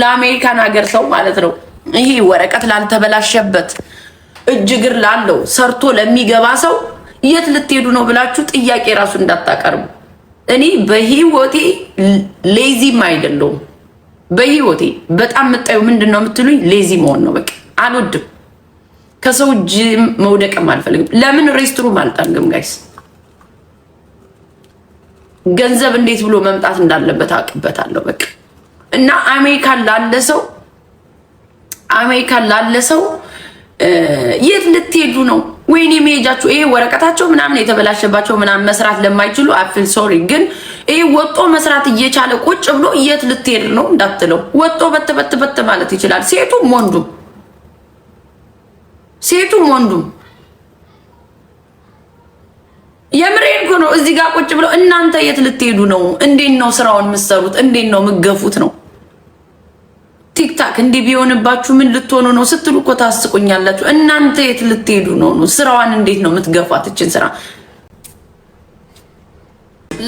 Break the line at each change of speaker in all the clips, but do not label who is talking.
ለአሜሪካን ሀገር ሰው ማለት ነው። ይሄ ወረቀት ላልተበላሸበት እጅ እግር ላለው ሰርቶ ለሚገባ ሰው የት ልትሄዱ ነው ብላችሁ ጥያቄ ራሱ እንዳታቀርቡ። እኔ በህይወቴ ሌዚም አይደለውም። በህይወቴ በጣም የምታዩ ምንድን ነው የምትሉኝ? ሌዚ መሆን ነው። በቃ አልወድም። ከሰው እጅ መውደቅም አልፈልግም። ለምን ሬስትሩም አልጠንግም ጋይስ ገንዘብ እንዴት ብሎ መምጣት እንዳለበት አውቅበታለሁ። በቃ እና አሜሪካን ላለ ሰው አሜሪካን ላለ ሰው የት ልትሄዱ ነው? ወይኔ መሄጃችሁ ይሄ ወረቀታቸው ምናምን የተበላሸባቸው ምናምን መስራት ለማይችሉ አፍል ሶሪ፣ ግን ይሄ ወጦ መስራት እየቻለ ቁጭ ብሎ የት ልትሄድ ነው እንዳትለው። ወጦ በትበትበት ማለት ይችላል። ሴቱም ወንዱም ሴቱም ወንዱም የምሬን እኮ ነው። እዚህ ጋር ቁጭ ብሎ እናንተ የት ልትሄዱ ነው? እንዴት ነው ስራውን የምትሰሩት? እንዴት ነው የምትገፉት ነው ቲክታክ እንዲህ ቢሆንባችሁ ምን ልትሆኑ ነው ስትሉ እኮ ታስቁኛላችሁ። እናንተ የት ልትሄዱ ነው ነው? ስራዋን እንዴት ነው የምትገፋት? እችን ስራ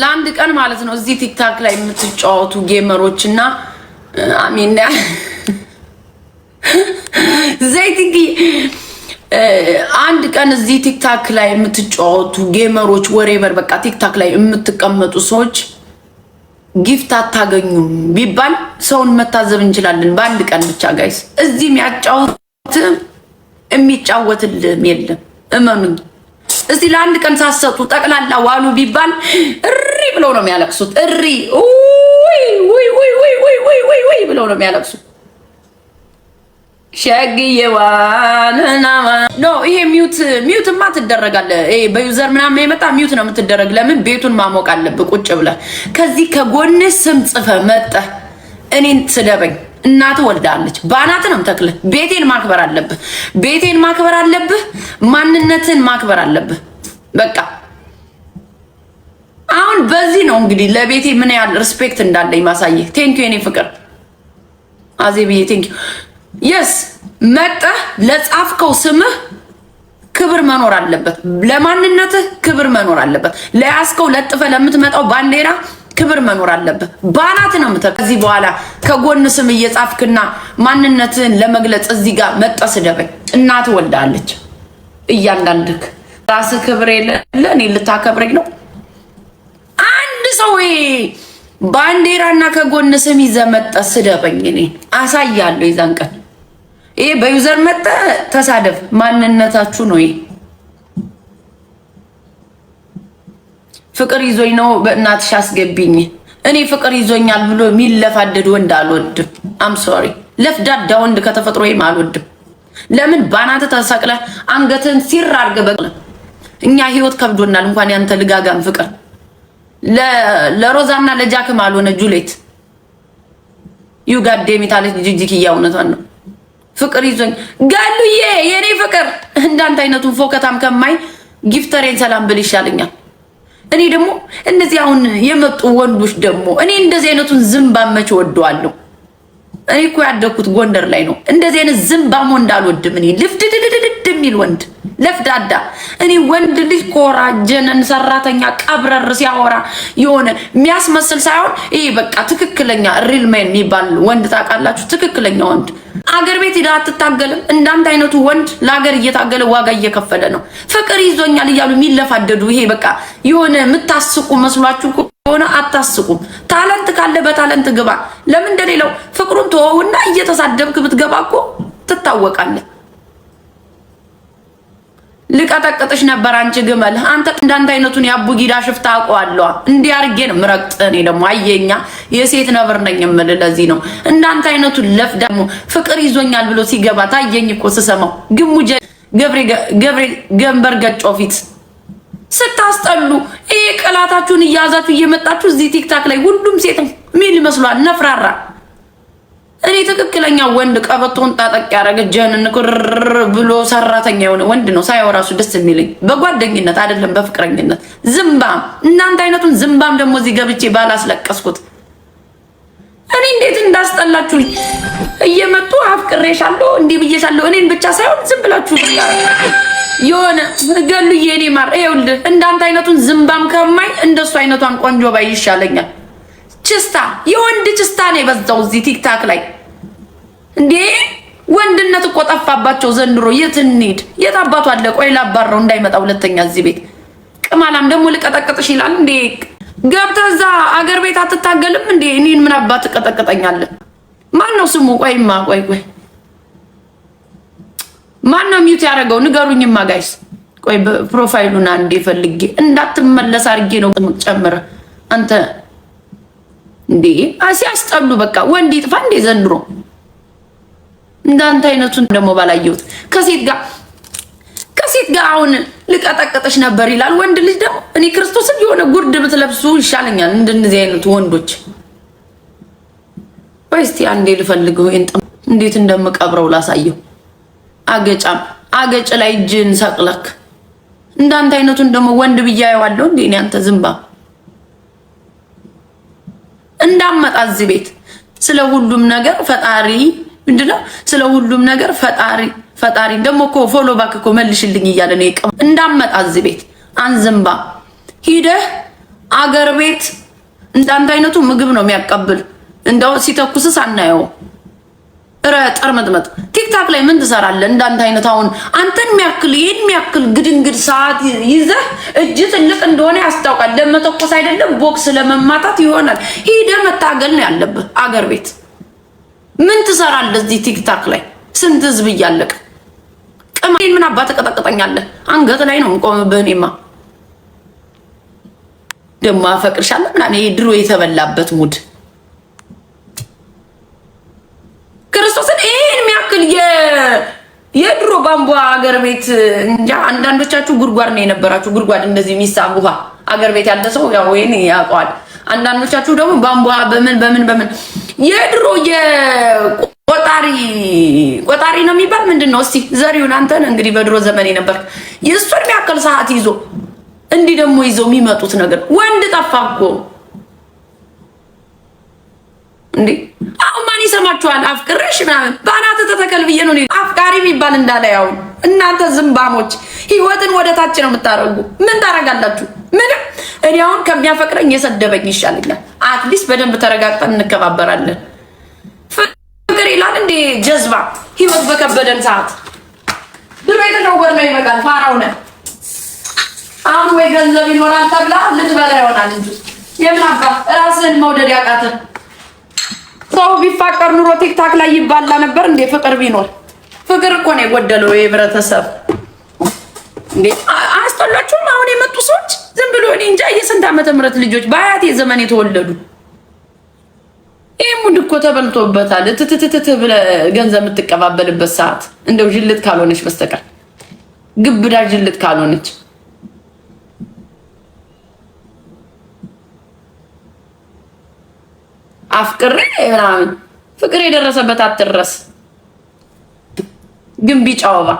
ለአንድ ቀን ማለት ነው እዚህ ቲክታክ ላይ የምትጫወቱ ጌመሮች እና አሚን ዘይትጊ አንድ ቀን እዚህ ቲክታክ ላይ የምትጫወቱ ጌመሮች ወሬበር በቃ ቲክታክ ላይ የምትቀመጡ ሰዎች ጊፍት አታገኙም ቢባል ሰውን መታዘብ እንችላለን። በአንድ ቀን ብቻ ጋይስ፣ እዚህ ያጫወት የሚጫወትልም የለም እመኑኝ። እስቲ ለአንድ ቀን ሳሰጡ ጠቅላላ ዋሉ ቢባል እሪ ብለው ነው የሚያለቅሱት። እሪ ውይ ውይ ውይ ውይ ውይ ውይ ብለው ነው የሚያለቅሱት። ኖ ይሄ ሚዩት ሚዩትማ ትደረጋለህ። በዩዘር ምናምን የመጣ ሚዩት ነው የምትደረግ። ለምን ቤቱን ማሞቅ አለብህ ቁጭ ብለህ። ከዚህ ከጎንህ ስም ጽፈህ መጠህ እኔን ስደበኝ። እናት ወልዳለች፣ በአናት ነው የምተክልህ። ቤቴን ማክበር አለብህ። ቤቴን ማክበር አለብህ። ማንነትን ማክበር አለብህ። በቃ አሁን በዚህ ነው እንግዲህ ለቤቴ ምን ያህል ሪስፔክት እንዳለኝ ማሳየህ። ቴንኪው የኔ ፍቅር አዜብዬ ቴንኪው የስ መጠህ ለጻፍከው ስምህ ክብር መኖር አለበት። ለማንነትህ ክብር መኖር አለበት። ለያዝከው ለጥፈ ለምትመጣው ባንዲራ ክብር መኖር አለበት። ባናት ነው ምተ ከዚህ በኋላ ከጎን ስም እየጻፍክና ማንነትህን ለመግለጽ እዚህ ጋር መጠ ስደበኝ እናት ወልዳለች። እያንዳንድክ ራስህ ክብር የለ እኔ ልታከብረኝ ነው። አንድ ሰው ባንዴራና ከጎን ስም ይዘህ መጠ ስደበኝ እኔ አሳያለሁ የዛን ቀን ይሄ በዩዘር መጣ ተሳደብ ማንነታችሁ ነው። ይሄ ፍቅር ይዞኝ ነው በእናትሽ አስገቢኝ። እኔ ፍቅር ይዞኛል ብሎ የሚለፋደድ ወንድ አልወድም። አም ሶሪ ለፍዳዳ ወንድ ከተፈጥሮ ወይም አልወድም። ለምን ባናተ ተሰቅለ አንገትን ሲር አርገ በቅለ እኛ ህይወት ከብዶናል። እንኳን ያንተ ልጋጋም ፍቅር ለሮዛና ለጃክም አልሆነ ጁሌት ዩ ጋዴሚት አለች ጅጅክ እያ ነው ፍቅር ይዞኝ ጋሉዬ የኔ ፍቅር እንዳንተ አይነቱን ፎከታም ከማይ ጊፍተሬን ሰላም ብል ይሻለኛል። እኔ ደግሞ እንደዚህ አሁን የመጡ ወንዶች ደግሞ እኔ እንደዚህ አይነቱን ዝም ባመች ወደዋለሁ። እኔ እኮ ያደግኩት ጎንደር ላይ ነው። እንደዚህ አይነት ዝምባሞ እንዳልወድም እኔ ልፍድድድድድ የሚል ወንድ ለፍዳዳ። እኔ ወንድ ልጅ ኮራ ጀነን ሰራተኛ ቀብረር ሲያወራ የሆነ የሚያስመስል ሳይሆን ይሄ በቃ ትክክለኛ ሪል ሜን የሚባል ወንድ ታውቃላችሁ? ትክክለኛ ወንድ አገር ቤት ሄዳ አትታገልም። እንዳንተ አይነቱ ወንድ ለሀገር እየታገለ ዋጋ እየከፈለ ነው። ፍቅር ይዞኛል እያሉ የሚለፋደዱ ይሄ በቃ የሆነ የምታስቁ መስሏችሁ ሆነ አታስቁም። ታለንት ካለ በታለንት ግባ። ለምን እንደሌለው ፍቅሩን ተወውና እየተሳደብክ ብትገባ እኮ ትታወቃለህ። ልቀጠቅጥሽ ነበር አንቺ ግመል። አንተ እንዳንተ አይነቱን የአቡ ጊዳ ሽፍታ አውቀዋለሁ። እንዲህ አድርጌ ነው እኔ ደግሞ አየኛ የሴት ነብር ነኝ የምልህ ለዚህ ነው። እንዳንተ አይነቱን ለፍ ደግሞ ፍቅር ይዞኛል ብሎ ሲገባ ታየኝ እኮ ስሰማው ግሙ ገብሬ ገንበር ገጮ ፊት ስታስጠሉ ይሄ ቀላታችሁን እያያዛችሁ እየመጣችሁ እዚህ ቲክታክ ላይ ሁሉም ሴት ምን ይመስሏል? ነፍራራ። እኔ ትክክለኛ ወንድ ቀበቶን ጣጠቅ ያደረገ ጀንን ቁርር ብሎ ሰራተኛ የሆነ ወንድ ነው ሳየው ራሱ ደስ የሚለኝ በጓደኝነት አይደለም በፍቅረኝነት። ዝምባም እናንተ አይነቱን ዝምባም ደግሞ እዚህ ገብቼ ባላስለቀስኩት እኔ እንዴት እንዳስጠላችሁ እየመጡ አፍቅሬሻለሁ እንዲህ ብዬሻለሁ እኔን ብቻ ሳይሆን ዝም ብላችሁ የሆነ ገሉ የኔ ማር ይኸውልህ፣ እንዳንተ አይነቱን ዝምባም ከማኝ እንደሱ አይነቷን ቆንጆ ባይ ይሻለኛል። ችስታ የወንድ ችስታ ነው የበዛው እዚህ ቲክታክ ላይ እንዴ! ወንድነት እኮ ጠፋባቸው ዘንድሮ። የት እንሂድ? የት አባቱ አለ? ቆይ ላባረው እንዳይመጣ ሁለተኛ እዚህ ቤት። ቅማላም ደግሞ ልቀጠቅጥሽ ይላል እንዴ! ገብተህ እዛ አገር ቤት አትታገልም እንዴ? እኔን ምን አባት ትቀጠቅጠኛለህ? ማን ነው ስሙ? ቆይማ ቆይ ቆይ ማነው ሚውት ያደረገው? ንገሩኝማ ጋይስ። ቆይ ፕሮፋይሉን አንዴ ፈልጌ እንዳትመለስ አድርጌ ነው ጨምረ አንተ እንዴ ሲያስጠሉ በቃ ወንድ ይጥፋ እንዴ ዘንድሮ። እንዳንተ አይነቱን ደግሞ ባላየሁት ከሴት ጋር ከሴት ጋር አሁን ልቀጠቀጠሽ ነበር ይላል ወንድ ልጅ ደግሞ። እኔ ክርስቶስን የሆነ ጉርድ ብትለብሱ ይሻለኛል እንደነዚህ አይነቱ ወንዶች። ወይ እስቲ አንዴ ልፈልገው እንዴት እንደምቀብረው ላሳየው። አገጫም አገጭ ላይ እጅን ሰቅለክ እንዳንተ አይነቱን ደግሞ ወንድ ብያ አየዋለሁ እንዴ? እኔ አንተ ዝምባ እንዳመጣ እዚህ ቤት ስለ ሁሉም ነገር ፈጣሪ ምንድነው? ስለ ሁሉም ነገር ፈጣሪ ፈጣሪ ደግሞ እኮ ፎሎ ባክ እኮ መልሽልኝ እያለ ነው የቀም እንዳመጣ እዚህ ቤት አንዝምባ ሂደህ አገር ቤት እንዳንተ አይነቱ ምግብ ነው የሚያቀብል እንደው ሲተኩስስ አናየው። እረ ጠርመጥመጥ ቲክታክ ላይ ምን ትሰራለህ? እንዳንተ አይነት አሁን አንተን የሚያክል ይሄን የሚያክል ግድንግድ ሰዓት ይዘህ እጅ ትልቅ እንደሆነ ያስታውቃል። ለመተኮስ አይደለም ቦክስ ለመማታት ይሆናል። ሂደህ መታገል ነው ያለብህ። አገር ቤት ምን ትሰራለህ? እዚህ ቲክታክ ላይ ስንት ህዝብ እያለቀ ቅማን ምን አባት ተቀጠቅጠኛለህ? አንገት ላይ ነው የምቆምብህ። እኔማ ደግሞ አፈቅርሻለሁ ምናምን ይሄ ድሮ የተበላበት ሙድ ክርስቶስን ይህን የሚያክል የድሮ ቧንቧ አገር ቤት እንጃ። አንዳንዶቻችሁ ጉድጓድ ነው የነበራችሁ። ጉድጓድ እንደዚህ የሚሳብ ውሃ አገር ቤት ያለ ሰው ያው ይሄን ያውቀዋል። አንዳንዶቻችሁ ደግሞ ቧንቧ በምን በምን በምን የድሮ የቆጣሪ ቆጣሪ ነው የሚባል ምንድን ነው? እስቲ ዘሪሁን አንተን እንግዲህ በድሮ ዘመን ነበር የእሱን የሚያክል ሰዓት ይዞ እንዲህ ደግሞ ይዘው የሚመጡት ነገር ወንድ ጠፋ እኮ እንዴ አሁን ማን ይሰማችኋል? አፍቅርሽ ምናምን ባናት ተተከል ብዬ ነው አፍቃሪ የሚባል እንዳለ ያው እናንተ ዝምባሞች ህይወትን ወደ ታች ነው የምታደርጉ። ምን ታደርጋላችሁ? ምንም። እኔ አሁን ከሚያፈቅረኝ የሰደበኝ ይሻልኛል። አትሊስት በደንብ ተረጋግጠን እንከባበራለን። ፍቅር ይላል እንዴ ጀዝባ። ህይወት በከበደን ሰዓት ድሮ የተነወር ነው ይበቃል። ፋራውነ አሁን ወይ ገንዘብ ይኖራል ተብላ ልትበላ ይሆናል እንጂ የምን ራስህን መውደድ ያቃትን ሰው ቢፋቀር ኑሮ ቲክታክ ላይ ይባላ ነበር እንዴ? ፍቅር ቢኖር ፍቅር እኮ ነው የጎደለው የህብረተሰብ እንዴ። አያስጠላችሁም? አሁን የመጡ ሰዎች ዝም ብሎ እኔ እንጃ የስንት ዓመተ ምህረት ልጆች በአያቴ ዘመን የተወለዱ ይህም ሙድ እኮ ተበልቶበታል። ትትትትት ብለ ገንዘብ የምትቀባበልበት ሰዓት እንደው ጅልት ካልሆነች በስተቀር ግብዳ ጅልት ካልሆነች አፍቅሬ ምናምን ፍቅር የደረሰበት አትድረስ። ግን ቢጫ ወባ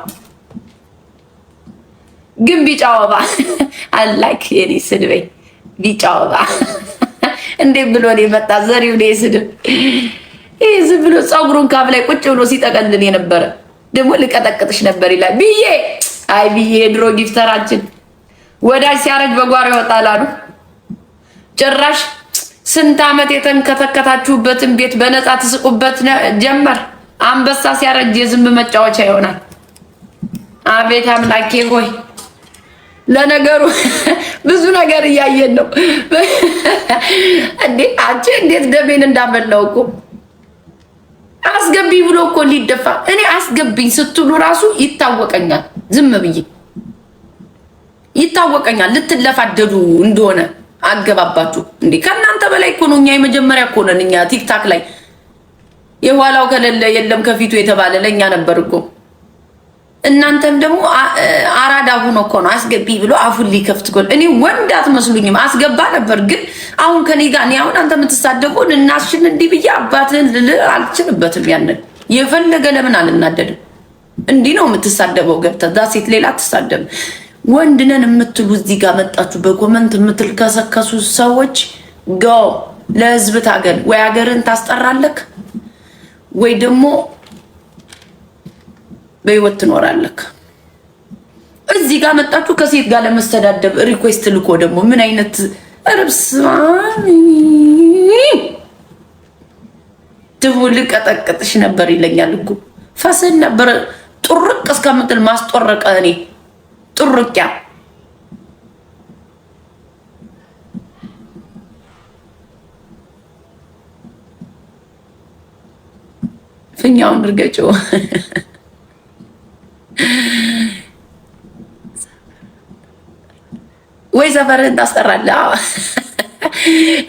ግን ቢጫ ወባ አላክ የኔ ስድበኝ ቢጫ ወባ እንዴት ብሎ ነው የመጣ ዘሪው ነው የስድብ። ይህ ዝም ብሎ ፀጉሩን ካብ ላይ ቁጭ ብሎ ሲጠቀልን የነበረ ደግሞ ልቀጠቅጥሽ ነበር ይላል ብዬ አይ ብዬ የድሮ ጊፍተራችን ወዳጅ ሲያረጅ በጓሮ ይወጣል አሉ ጭራሽ ስንት ዓመት የተንከተከታችሁበትን ቤት በነፃ ትስቁበት ጀመር። አንበሳ ሲያረጅ የዝንብ መጫወቻ ይሆናል። አቤት አምላኬ ሆይ! ለነገሩ ብዙ ነገር እያየን ነው እንዴ! አንቺ እንዴት ደሜን እንዳመላው እኮ አስገቢ ብሎ እኮ ሊደፋ እኔ አስገቢኝ ስትሉ ራሱ ይታወቀኛል። ዝም ብዬ ይታወቀኛል ልትለፋደዱ እንደሆነ አገባባችሁ እንዴ? ከእናንተ በላይ እኮ ነው። እኛ የመጀመሪያ እኮ ነን። እኛ ቲክታክ ላይ የኋላው ከሌለ የለም ከፊቱ የተባለ ለእኛ ነበር እኮ። እናንተም ደግሞ አራዳ ሁኖ እኮ ነው አስገቢ ብሎ አፉን ሊከፍት ጎል። እኔ ወንድ አትመስሉኝም። አስገባ ነበር ግን አሁን ከኔ ጋር እኔ አሁን አንተ የምትሳደበውን እናስሽን እንዲህ ብዬ አባትህን ልል አልችልበትም። ያንን የፈለገ ለምን አልናደድም? እንዲህ ነው የምትሳደበው። ገብተህ ዛ ሴት ሌላ አትሳደብም። ወንድ ነን የምትሉ እዚህ ጋር መጣችሁ በኮመንት የምትልከሰከሱ ሰዎች ጎ ለህዝብ ታገል። ወይ ሀገርን ታስጠራለክ፣ ወይ ደግሞ በህይወት ትኖራለክ። እዚህ ጋር መጣችሁ ከሴት ጋር ለመስተዳደብ ሪኩዌስት ልኮ ደግሞ ምን አይነት ርብስማሚ ትቡ ልቀጠቅጥሽ ነበር ይለኛል እኮ ፈስን ነበር ጥርቅ እስከምትል ማስጦረቀ እኔ ጥሩቂያ ፍኛውን እርገጭው። ወይ ዘፈር ታስጠራለህ።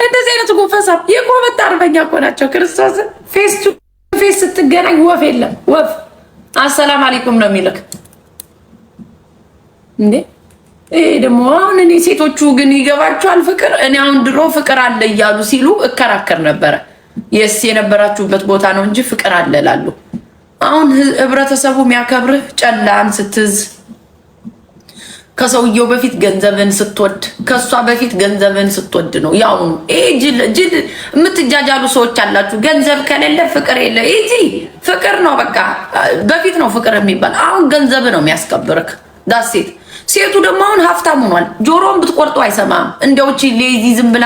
እንደዚህ አይነት ጎፈሳ የጎበጣ አርበኛ እኮ ናቸው። ፌስ ቱ ፌስ ስትገናኝ ወፍ የለም ወፍ አሰላም አለይኩም ነው የሚልክ እንዴ ይሄ ደግሞ አሁን እኔ ሴቶቹ ግን ይገባቸዋል ፍቅር። እኔ አሁን ድሮ ፍቅር አለ እያሉ ሲሉ እከራከር ነበረ። የስ የነበራችሁበት ቦታ ነው እንጂ ፍቅር አለ እላሉ። አሁን ህብረተሰቡ የሚያከብርህ ጨላን ስትዝ፣ ከሰውየው በፊት ገንዘብን ስትወድ፣ ከእሷ በፊት ገንዘብን ስትወድ ነው ያው ጅል ጅል የምትጃጃሉ ሰዎች አላችሁ። ገንዘብ ከሌለ ፍቅር የለ። ይዚ ፍቅር ነው በቃ በፊት ነው ፍቅር የሚባል አሁን ገንዘብ ነው የሚያስከብርክ ዳሴት ሴቱ ደግሞ አሁን ሀብታም ሆኗል። ጆሮውን ብትቆርጡ አይሰማም። እንደውች ሌዚ ዝም ብላ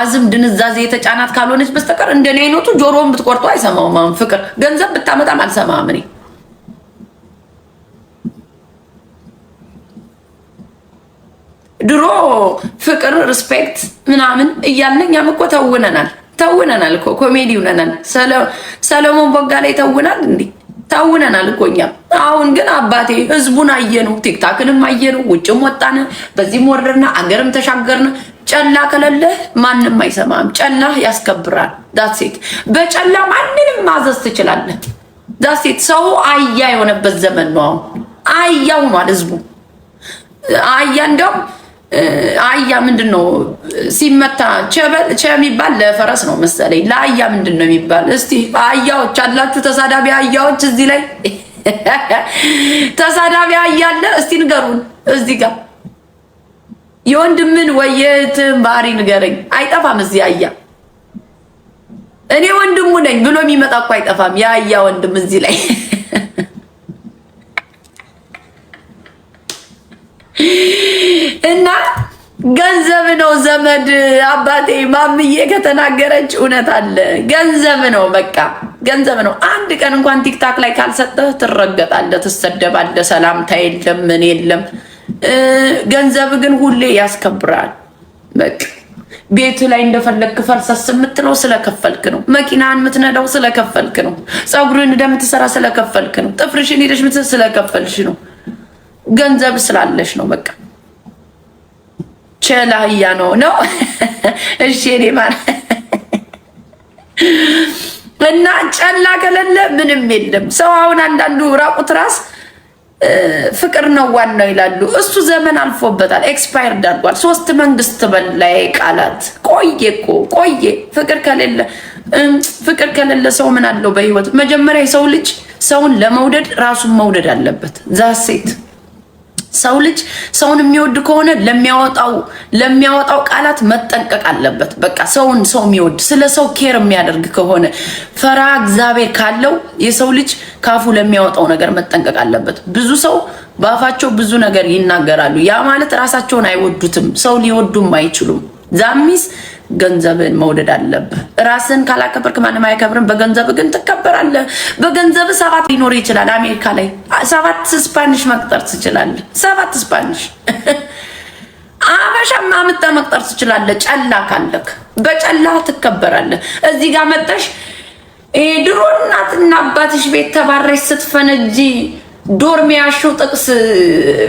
አዝም ድንዛዜ የተጫናት ካልሆነች በስተቀር እንደኔ አይነቱ ጆሮውን ብትቆርጡ አይሰማውም። አሁን ፍቅር ገንዘብ ብታመጣም አልሰማም እኔ ድሮ ፍቅር ሪስፔክት ምናምን እያልን እኛም እኮ ተውነናል ተውነናል ኮሜዲ ይውነናል። ሰለሞን ቦጋ ላይ ተውናል እንዴ? ታውነናል እኮ እኛም። አሁን ግን አባቴ ህዝቡን አየነው፣ ቲክታክንም አየነው፣ ውጭም ወጣን፣ በዚህም ወረድን፣ አገርም ተሻገርን። ጨላ ከሌለህ ማንም አይሰማም። ጨላ ያስከብራል። ዳሴት በጨላ ማንንም ማዘዝ ትችላለህ። ዳሴት ሰው አያ የሆነበት ዘመን ነው አሁን። አያ ሆኗል ህዝቡ አያ እንደውም አህያ ምንድን ነው ሲመታ ቸ የሚባል ለፈረስ ነው መሰለኝ። ለአህያ ምንድን ነው የሚባል? እስቲ አህያዎች አላችሁ ተሳዳቢ አህያዎች እዚህ ላይ ተሳዳቢ አህያ አለ? እስቲ ንገሩን። እዚህ ጋር የወንድምን ወየትን ባህሪ ንገረኝ። አይጠፋም እዚህ አህያ እኔ ወንድሙ ነኝ ብሎ የሚመጣ እኮ አይጠፋም። የአህያ ወንድም እዚህ ላይ እና ገንዘብ ነው ዘመድ አባቴ ማምዬ ከተናገረች እውነት አለ። ገንዘብ ነው በቃ ገንዘብ ነው። አንድ ቀን እንኳን ቲክታክ ላይ ካልሰጠህ ትረገጣለህ፣ ትሰደባለህ፣ ሰላምታ የለም ምን የለም። ገንዘብ ግን ሁሌ ያስከብራል። በቃ ቤት ላይ እንደፈለግክ ፈልሰስ የምትለው ስለከፈልክ ነው። መኪናን የምትነዳው ስለከፈልክ ነው። ፀጉርን እንደምትሰራ ስለከፈልክ ነው። ጥፍርሽን ሄደሽ ስለከፈልሽ ነው። ገንዘብ ስላለሽ ነው በቃ ቸላህያ ነው ነው። እሺ እኔ ማለት እና ጨላ ከሌለ ምንም የለም። ሰው አሁን አንዳንዱ ራቁት ራስ ፍቅር ነው ዋናው ይላሉ። እሱ ዘመን አልፎበታል፣ ኤክስፓየር ዳርጓል። ሶስት መንግስት በላይ ቃላት ቆየ እኮ ቆየ። ፍቅር ከሌለ ፍቅር ከሌለ ሰው ምን አለው በህይወት? መጀመሪያ የሰው ልጅ ሰውን ለመውደድ ራሱን መውደድ አለበት። ዛሴት ሰው ልጅ ሰውን የሚወድ ከሆነ ለሚያወጣው ለሚያወጣው ቃላት መጠንቀቅ አለበት። በቃ ሰውን ሰው የሚወድ ስለ ሰው ኬር የሚያደርግ ከሆነ ፈራ እግዚአብሔር ካለው የሰው ልጅ ካፉ ለሚያወጣው ነገር መጠንቀቅ አለበት። ብዙ ሰው በአፋቸው ብዙ ነገር ይናገራሉ። ያ ማለት ራሳቸውን አይወዱትም፣ ሰው ሊወዱም አይችሉም። ዛሚስ ገንዘብን መውደድ አለብህ። ራስን ካላከበርክ ማንም አይከብርም። በገንዘብ ግን ትከበራለህ። በገንዘብ ሰባት ሊኖር ይችላል። አሜሪካ ላይ ሰባት ስፓኒሽ መቅጠር ትችላለህ። ሰባት ስፓኒሽ አበሻ ማምጣ መቅጠር ትችላለህ። ጨላ ካለክ በጨላ ትከበራለህ። እዚህ ጋር መጠሽ ድሮ እናትና አባትሽ ቤት ተባረሽ ስትፈነጂ ዶርም ያሹ ጥቅስ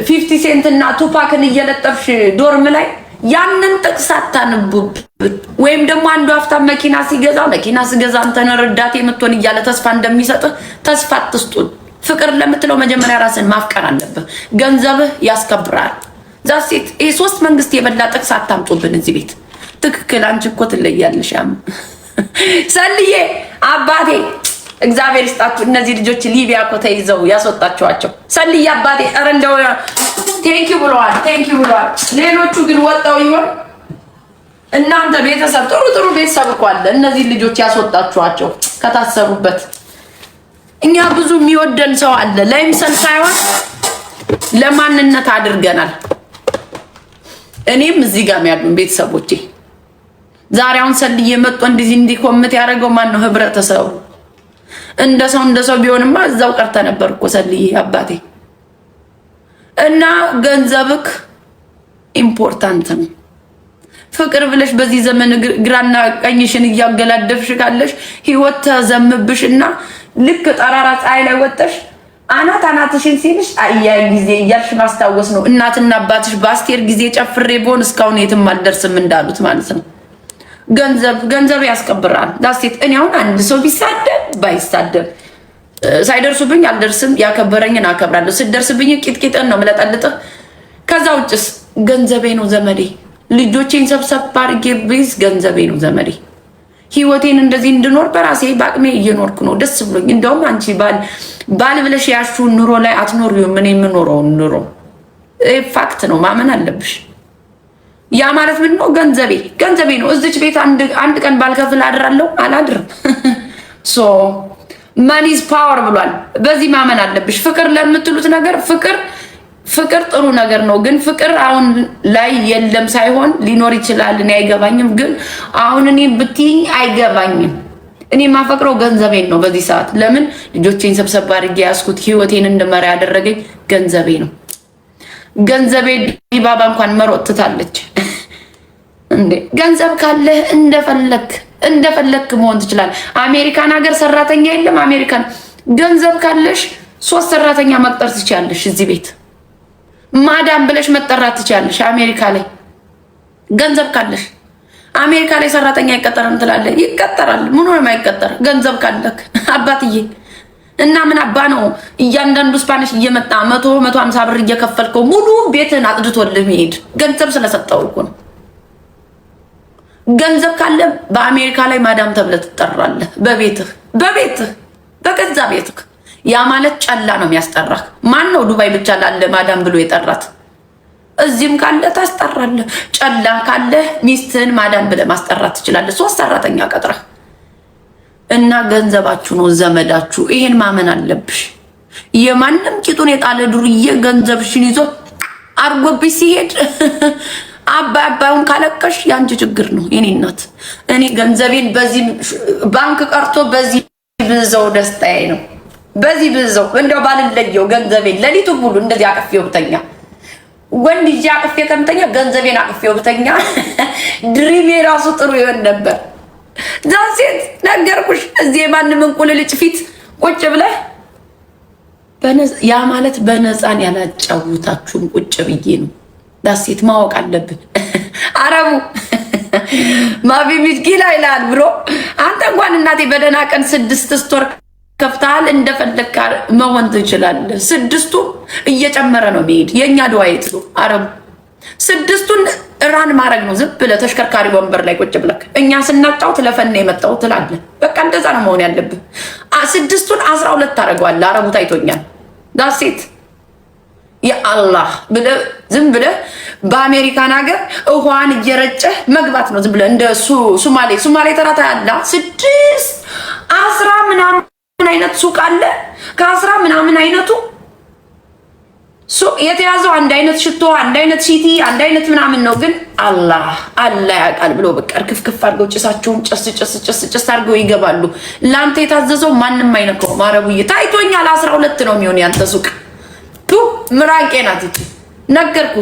ፊፍቲ ሴንት እና ቱፓክን እየለጠፍሽ ዶርም ላይ ያንን ጥቅስ አታንቡብን። ወይም ደግሞ አንዱ ሀብታም መኪና ሲገዛ መኪና ስገዛ አንተን ረዳት የምትሆን እያለ ተስፋ እንደሚሰጥህ ተስፋ አትስጡን። ፍቅር ለምትለው መጀመሪያ ራስን ማፍቀር አለብህ። ገንዘብህ ያስከብራል። ዛሴት ይህ ሶስት መንግስት የበላ ጥቅስ አታምጡብን እዚህ ቤት። ትክክል። አንቺ እኮ ትለያለሽ። ሰልዬ አባቴ እግዚአብሔር ይስጣችሁ። እነዚህ ልጆች ሊቢያ እኮ ተይዘው ያስወጣችኋቸው ሰልዬ አባቴ። ኧረ እንደው ቴንክ ብለዋል፣ ቴንክ ብለዋል። ሌሎቹ ግን ወጣው ይሆን? እናንተ ቤተሰብ ጥሩ ጥሩ ቤተሰብ እኮ አለ። እነዚህ ልጆች ያስወጣችኋቸው ከታሰሩበት። እኛ ብዙ የሚወደን ሰው አለ። ለይምሰል ሳይሆን ለማንነት አድርገናል። እኔም እዚህ ጋር ያሉን ቤተሰቦቼ ዛሬ አሁን ሰልዬ መጥቶ እንዲህ እንዲህ ኮምት ያደረገው ማን ነው? ህብረተሰቡ እንደ ሰው እንደ ሰው ቢሆንማ እዛው ቀርተ ነበር እኮ ሰልዬ አባቴ። እና ገንዘብክ ኢምፖርታንት ነው። ፍቅር ብለሽ በዚህ ዘመን ግራና ቀኝሽን እያገላደፍሽ ካለሽ ህይወት ተዘምብሽ እና ልክ ጠራራ ፀሐይ ላይ ወጠሽ አናት አናትሽን ሲልሽ አያ ጊዜ እያልሽ ማስታወስ ነው። እናትና አባትሽ በአስቴር ጊዜ ጨፍሬ በሆን እስካሁን የትም አልደርስም እንዳሉት ማለት ነው። ገንዘብ ገንዘብ ያስቀብራል። ዳስቴት እኔ አሁን አንድ ሰው ቢሳደብ ባይሳደብ ሳይደርሱብኝ አልደርስም። ያከበረኝን አከብራለሁ። ስደርስብኝ ቂጥቂጥን ነው ምለጠልጥህ። ከዛ ውጭስ ገንዘቤ ነው ዘመዴ። ልጆቼን ሰብሰብ አድርጌ ብይዝ ገንዘቤ ነው ዘመዴ። ህይወቴን እንደዚህ እንድኖር በራሴ በአቅሜ እየኖርኩ ነው ደስ ብሎኝ። እንደውም አንቺ ባል ብለሽ ያሹን ኑሮ ላይ አትኖሪውም። እኔ የምኖረውን ኑሮ ፋክት ነው ማመን አለብሽ። ያ ማለት ምን ነው? ገንዘቤ ገንዘቤ ነው። እዚች ቤት አንድ ቀን ባልከፍል አድራለሁ አላድርም። ሶ መኒዝ ፓወር ብሏል። በዚህ ማመን አለብሽ። ፍቅር ለምትሉት ነገር ፍቅር ፍቅር ጥሩ ነገር ነው፣ ግን ፍቅር አሁን ላይ የለም ሳይሆን ሊኖር ይችላል። እኔ አይገባኝም፣ ግን አሁን እኔ ብትይኝ አይገባኝም። እኔ የማፈቅረው ገንዘቤን ነው። በዚህ ሰዓት ለምን ልጆቼን ሰብሰብ አድርጌ ያዝኩት፣ ህይወቴን እንድመራ ያደረገኝ ገንዘቤ ነው። ገንዘቤ ዲባባ እንኳን መሮጥ ትታለች። ገንዘብ ካለህ እንደፈለክ እንደፈለክ መሆን ትችላል። አሜሪካን ሀገር ሰራተኛ የለም። አሜሪካን ገንዘብ ካለሽ ሶስት ሰራተኛ መቅጠር ትችላለሽ። እዚህ ቤት ማዳም ብለሽ መጠራት ትችላለሽ። አሜሪካ ላይ ገንዘብ ካለሽ አሜሪካ ላይ ሰራተኛ አይቀጠርም ትላለህ። ይቀጠራል። ምን ሆነ አይቀጠር ገንዘብ ካለክ አባትዬ። እና ምን አባ ነው እያንዳንዱ ስፓኒሽ እየመጣ መቶ መቶ ሀምሳ ብር እየከፈልከው ሙሉ ቤትን አጥድቶልህ መሄድ ገንዘብ ስለሰጠው እኮ ነው። ገንዘብ ካለ በአሜሪካ ላይ ማዳም ተብለ ትጠራለህ። በቤትህ በቤትህ በገዛ ቤትህ። ያ ማለት ጨላ ነው የሚያስጠራህ። ማን ነው ዱባይ ብቻ ላለ ማዳም ብሎ የጠራት? እዚህም ካለ ታስጠራለህ። ጨላ ካለ ሚስትህን ማዳም ብለ ማስጠራት ትችላለህ። ሶስት ሰራተኛ ቀጥረህ እና ገንዘባችሁ ነው ዘመዳችሁ። ይሄን ማመን አለብሽ። የማንም ቂጡን የጣለ ዱርዬ ገንዘብሽን ይዞ አርጎብሽ ሲሄድ አባይ አባዩን ካለቀሽ ያንቺ ችግር ነው የኔ እናት። እኔ ገንዘቤን በዚህ ባንክ ቀርቶ በዚህ ብዘው ደስታዬ ነው። በዚህ ብዘው እንደው ባልለየው ገንዘቤን ለሊቱ ሙሉ እንደዚህ አቅፌው ብተኛ፣ ወንድ ይዤ አቅፌ ከምተኛ ገንዘቤን አቅፌው ብተኛ ድሪሜ ራሱ ጥሩ ይሆን ነበር። ሴት ነገርኩሽ። እዚህ የማንም እንቁልልጭ ፊት ቁጭ ብለህ ያ ማለት በነፃን ያላጫውታችሁን ቁጭ ብዬ ነው ዳሴት ማወቅ አለብን። አረቡ ማቢ ሚድጊላ ይላል ብሎ አንተ እንኳን እናቴ በደህና ቀን ስድስት ስቶር ከፍተሃል እንደፈለግህ መሆን ትችላለህ። ስድስቱ እየጨመረ ነው መሄድ የእኛ ድዋየት ነው። አረቡ ስድስቱን እራን ማድረግ ነው። ዝም ብለህ ተሽከርካሪ ወንበር ላይ ቁጭ ብለህ እኛ ስናጫውት ለፈን የመጣው ትላለህ። በቃ እንደዛ ነው መሆን ያለብህ። ስድስቱን አስራ ሁለት ታደርገዋለህ። አረቡ ታይቶኛል ዳሴት የአላህ ብለህ ዝም ብለህ በአሜሪካን ሀገር ውሃን እየረጨህ መግባት ነው። ዝም ብለህ እንደ ሱማሌ ሱማሌ ተራታ ያላ ስድስት አስራ ምናምን አይነት ሱቅ አለ። ከአስራ ምናምን አይነቱ የተያዘው አንድ አይነት ሽቶ፣ አንድ አይነት ሲቲ፣ አንድ አይነት ምናምን ነው። ግን አላህ አላህ ያውቃል ብሎ በቃ እርክፍክፍ አድርገው ጭሳቸውን ጭስ ጭስ ጭስ ጭስ አድርገው ይገባሉ። ለአንተ የታዘዘው ማንም ነው አረቡዬ ታይቶኛል። አስራ ሁለት ነው የሚሆን ያንተ ሱቅ ምራቄ ናት እቺ ነገርኩ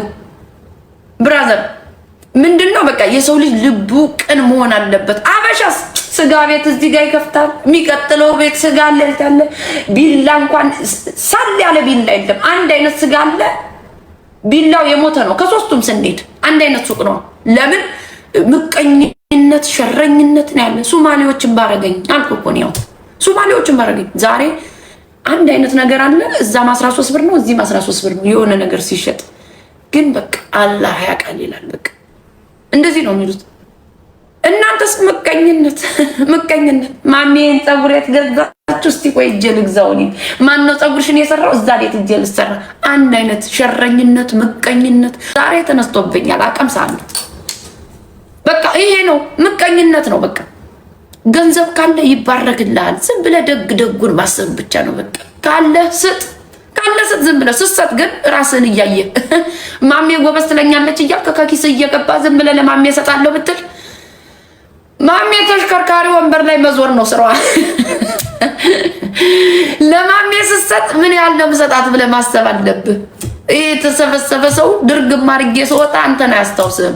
ብራዘር፣ ምንድን ነው በቃ የሰው ልጅ ልቡ ቅን መሆን አለበት። አበሻስ ስጋ ቤት እዚህ ጋር ይከፍታል። የሚቀጥለው ቤት ስጋ አለ ያለ ቢላ እንኳን ሳል ያለ ቢላ የለም። አንድ አይነት ስጋ አለ። ቢላው የሞተ ነው። ከሶስቱም ስንሄድ አንድ አይነት ሱቅ ነው። ለምን ምቀኝነት፣ ሸረኝነት ነው ያለ። ሱማሌዎችን ባረገኝ አልኩ እኮ ነው ያው ሱማሌዎችን ባረገኝ ዛሬ አንድ አይነት ነገር አለ። እዛም አስራ ሶስት ብር ነው፣ እዚህም አስራ ሶስት ብር ነው የሆነ ነገር ሲሸጥ ግን በቃ አላህ ያውቃል ይላል። በቃ እንደዚህ ነው የሚሉት። እናንተስ ምቀኝነት ምቀኝነት። ማሜን ፀጉር የት ገዛችሁ? እስቲ ቆይ እጄ ልግዛው። እኔ ማነው ፀጉርሽን የሰራው? እዛ ቤት እጄ ልሰራ። አንድ አይነት ሸረኝነት፣ ምቀኝነት ዛሬ ተነስቶብኛል። አቀምሳለሁ። በቃ ይሄ ነው ምቀኝነት ነው በቃ ገንዘብ ካለ ይባረክልሃል። ዝም ብለህ ደግ ደጉን ማሰብ ብቻ ነው በቃ። ካለ ስጥ፣ ካለ ስጥ። ዝም ብለህ ስትሰጥ ግን ራስህን እያየህ ማሜ ጎበዝ ትለኛለች እያልክ ከኪስ እየገባ ዝም ብለህ ለማሜ እሰጣለሁ ብትል ማሜ ተሽከርካሪ ወንበር ላይ መዞር ነው ስራዋ። ለማሜ ስትሰጥ ምን ያህል ነው የምሰጣት ብለህ ማሰብ አለብህ። ይህ የተሰበሰበ ሰው ድርግም አድርጌ ስወጣ አንተን አያስታውስህም።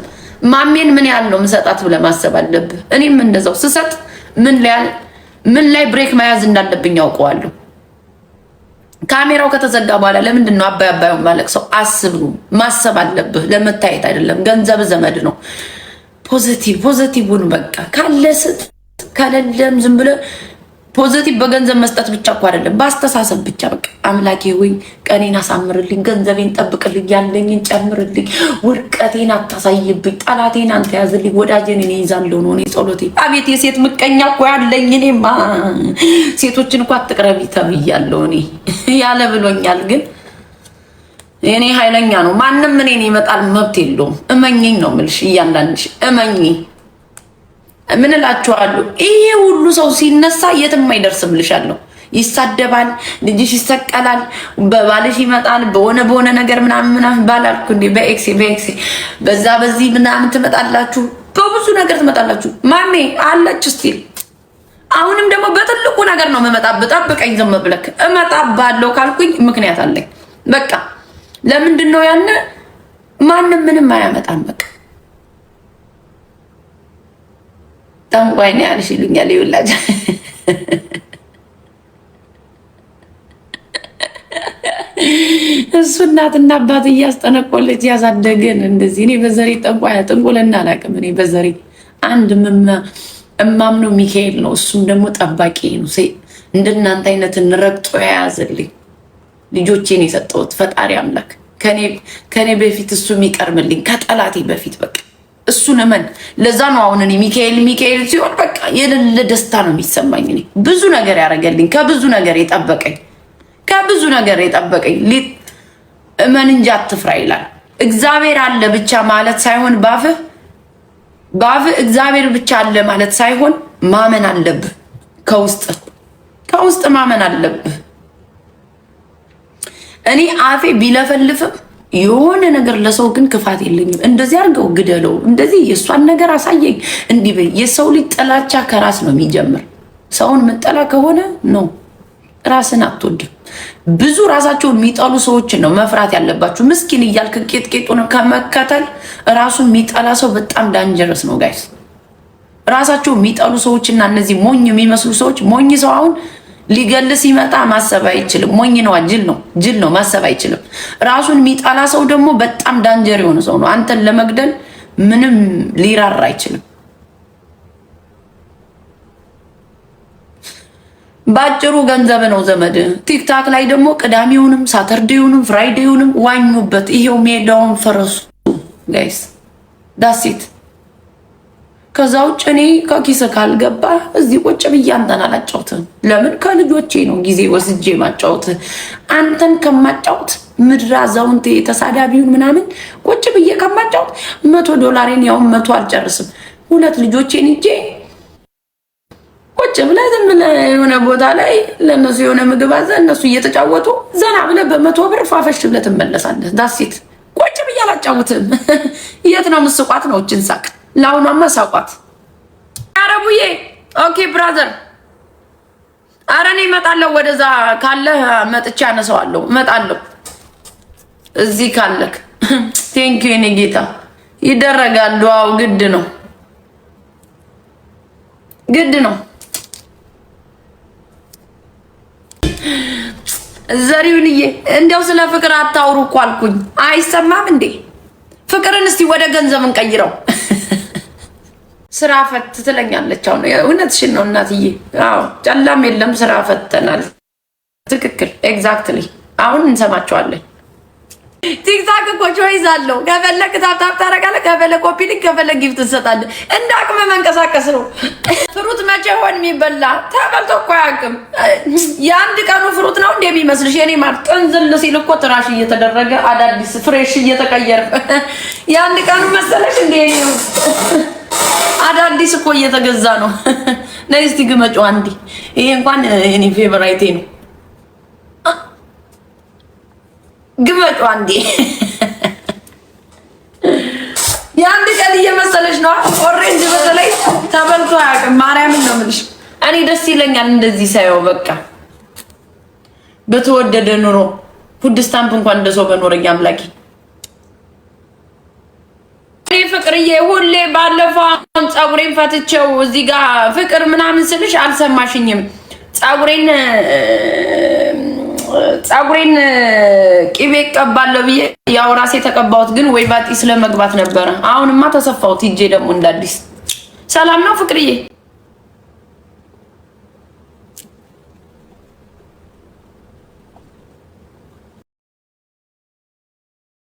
ማሜን ምን ያህል ነው የምሰጣት ብለህ ማሰብ አለብህ። እኔም እንደዛው ስሰጥ ምን ላይ ብሬክ መያዝ እንዳለብኝ አውቀዋለሁ። ካሜራው ከተዘጋ በኋላ ለምንድን ነው አባይ አባዩ ማለቅ ሰው አስብ፣ ማሰብ አለብህ። ለመታየት አይደለም። ገንዘብ ዘመድ ነው። ፖዘቲቭ ፖዘቲቭን በቃ ካለ ስጥ፣ ከሌለም ዝም ብለህ ፖዘቲቭ በገንዘብ መስጠት ብቻ እኮ አይደለም፣ በአስተሳሰብ ብቻ በቃ አምላኬ ወይ ቀኔን አሳምርልኝ፣ ገንዘቤን ጠብቅልኝ፣ ያለኝን ጨምርልኝ፣ ውድቀቴን አታሳይብኝ፣ ጠላቴን አንተ ያዝልኝ፣ ወዳጄን እኔ ይዛለሁ ነው እኔ ጸሎቴ። አቤት የሴት ምቀኛ እኮ ያለኝ እኔማ። ሴቶችን እኮ አትቅረቢ ተብያለሁ እኔ ያለ ብሎኛል። ግን እኔ ኃይለኛ ነው። ማንም እኔን ይመጣል መብት የለውም። እመኝኝ ነው የምልሽ፣ እያንዳንድሽ እመኝ ምን እላችኋለሁ፣ ይሄ ሁሉ ሰው ሲነሳ የትም አይደርስም እልሻለሁ። ይሳደባል፣ ልጅሽ ይሰቀላል፣ በባልሽ ይመጣል፣ በሆነ በሆነ ነገር ምናምን ምናምን ባላልኩ እንዴ በኤክሴ በኤክሴ በዛ በዚህ ምናምን ትመጣላችሁ፣ በብዙ ነገር ትመጣላችሁ። ማሜ አለች ስቲል አሁንም ደግሞ በትልቁ ነገር ነው የምመጣብህ። ጠብቀኝ፣ ዝም ብለህ እመጣብሃለሁ ካልኩኝ ምክንያት አለኝ። በቃ ለምንድን ነው ያን ማንም ምንም አያመጣም። በቃ ጠንቋይ ነው ያልሽ ይሉኛል። ይውላጅ እሱ እናትና አባት እያስጠነቆለች ያሳደገን እንደዚህ። እኔ በዘሬ ጠንቋይ ጥንቁልና አላውቅም። እኔ በዘሬ አንድ እማምነው ሚካኤል ነው። እሱም ደግሞ ጠባቂ ነው። እንደናንተ አይነትን ረግጦ የያዘልኝ ልጆቼን የሰጠሁት ፈጣሪ አምላክ ከኔ በፊት እሱ የሚቀርምልኝ ከጠላቴ በፊት በቃ እሱን እመን። ለዛ ነው አሁን እኔ ሚካኤል ሚካኤል ሲሆን በቃ የሌለ ደስታ ነው የሚሰማኝ። እኔ ብዙ ነገር ያደረገልኝ ከብዙ ነገር የጠበቀኝ ከብዙ ነገር የጠበቀኝ እመን እንጂ አትፍራ ይላል እግዚአብሔር አለ ብቻ ማለት ሳይሆን ባፍህ ባፍህ እግዚአብሔር ብቻ አለ ማለት ሳይሆን ማመን አለብህ። ከውስጥ ከውስጥ ማመን አለብህ። እኔ አፌ ቢለፈልፍም የሆነ ነገር ለሰው ግን ክፋት የለኝም። እንደዚህ አድርገው ግደለው፣ እንደዚህ የእሷን ነገር አሳየኝ፣ እንዲህ በይ። የሰው ልጅ ጥላቻ ከራስ ነው የሚጀምር። ሰውን መጠላ ከሆነ ነው ራስን አትወድም። ብዙ ራሳቸውን የሚጠሉ ሰዎችን ነው መፍራት ያለባችሁ። ምስኪን እያልክ ቄጥቄጡን ከመከተል ራሱን የሚጠላ ሰው በጣም ዳንጀረስ ነው ጋይስ። ራሳቸው የሚጠሉ ሰዎችና እነዚህ ሞኝ የሚመስሉ ሰዎች ሞኝ ሰው አሁን ሊገል ሲመጣ ማሰብ አይችልም። ሞኝ ነዋ፣ ጅል ነው፣ ጅል ነው፣ ማሰብ አይችልም። ራሱን የሚጠላ ሰው ደግሞ በጣም ዳንጀር የሆነ ሰው ነው። አንተን ለመግደል ምንም ሊራራ አይችልም። በአጭሩ ገንዘብ ነው ዘመድ። ቲክታክ ላይ ደግሞ ቅዳሜውንም ሳተርዴውንም ፍራይዴውንም ዋኙበት። ይሄው ሜዳውን ፈረሱ ጋይስ ዳሴት ከዛ ውጭ እኔ ከኪስ ካልገባ እዚህ ቁጭ ብዬ አንተን አላጫውትም። ለምን ከልጆቼ ነው ጊዜ ወስጄ ማጫውት አንተን ከማጫውት ምድር አዛውንት ተሳዳቢውን ምናምን ቁጭ ብዬ ከማጫውት መቶ ዶላሬን ያውን መቶ አልጨርስም። ሁለት ልጆቼን ይዤ ቁጭ ብለህ ዝም ብለህ የሆነ ቦታ ላይ ለእነሱ የሆነ ምግብ አዘ እነሱ እየተጫወቱ ዘና ብለህ በመቶ ብር ፋፈሽ ብለህ ትመለሳለህ። ዳሴት ቁጭ ብዬ አላጫውትም። የት ነው ምስቋት ነው እችን ሳቅ ለአሁኗማ ሳቋት። አረቡዬ ኦኬ ብራዘር፣ አረ እኔ እመጣለሁ። ወደዛ ካለህ መጥቼ አነሳዋለሁ። እመጣለሁ እዚህ ካለክ። ቴንኪ ኔ ጌታ ይደረጋል አዎ ግድ ነው፣ ግድ ነው። ዘሪሁንዬ እንዲያው ስለ ፍቅር አታውሩ እኮ አልኩኝ። አይሰማም እንዴ? ፍቅርን እስቲ ወደ ገንዘብ እንቀይረው። ስራ ፈት ትለኛለች። አሁን እውነትሽን ነው እናትዬ። አዎ ጨላም የለም ስራ ፈተናል። ትክክል ኤግዛክትሊ። አሁን እንሰማቸዋለን። ቲክታክ እኮ ቾይዝ አለው። ከፈለክ ታፕታፕ ታደርጋለህ፣ ከፈለክ ኮፒ ሊንክ፣ ከፈለክ ጊፍት ትሰጣለ። እንደ አቅም መንቀሳቀስ ነው። ፍሩት መቼ ሆን የሚበላ ተበልቶ እኮ አያውቅም። የአንድ ቀኑ ፍሩት ነው የሚመስልሽ የኔ ማር። ጥንዝል ሲል እኮ ትራሽ እየተደረገ አዳዲስ ፍሬሽ እየተቀየረ የአንድ ቀኑ መሰለሽ እንደ አዳዲስ እኮ እየተገዛ ነው። ነይ እስቲ ግመጪው አንዴ። ይሄ እንኳን እኔ ፌቨራይቴ ነው። ግመጪው አንዴ። የአንድ ቀን እየመሰለች ነው። ኦሬንጅ በተለይ ተበልቶ አያውቅም። ማርያምን ነው የምልሽ። እኔ ደስ ይለኛል እንደዚህ ሳየው። በቃ በተወደደ ኑሮ ፉድ ስታምፕ እንኳን እንደሰው በኖረኝ አምላኬ ፍቅርዬ ሁሌ ባለፈው አሁን ፀጉሬን ፈትቸው እዚህ ጋር ፍቅር ምናምን ስልሽ አልሰማሽኝም። ፀጉሬን ፀጉሬን ቂቤ ቀባለሁ ብዬ ያው ራሴ ተቀባሁት፣ ግን ወይ ባጢ ስለመግባት ነበረ። አሁንማ ተሰፋሁት ሂጄ ደግሞ እንዳዲስ። ሰላም ነው ፍቅርዬ?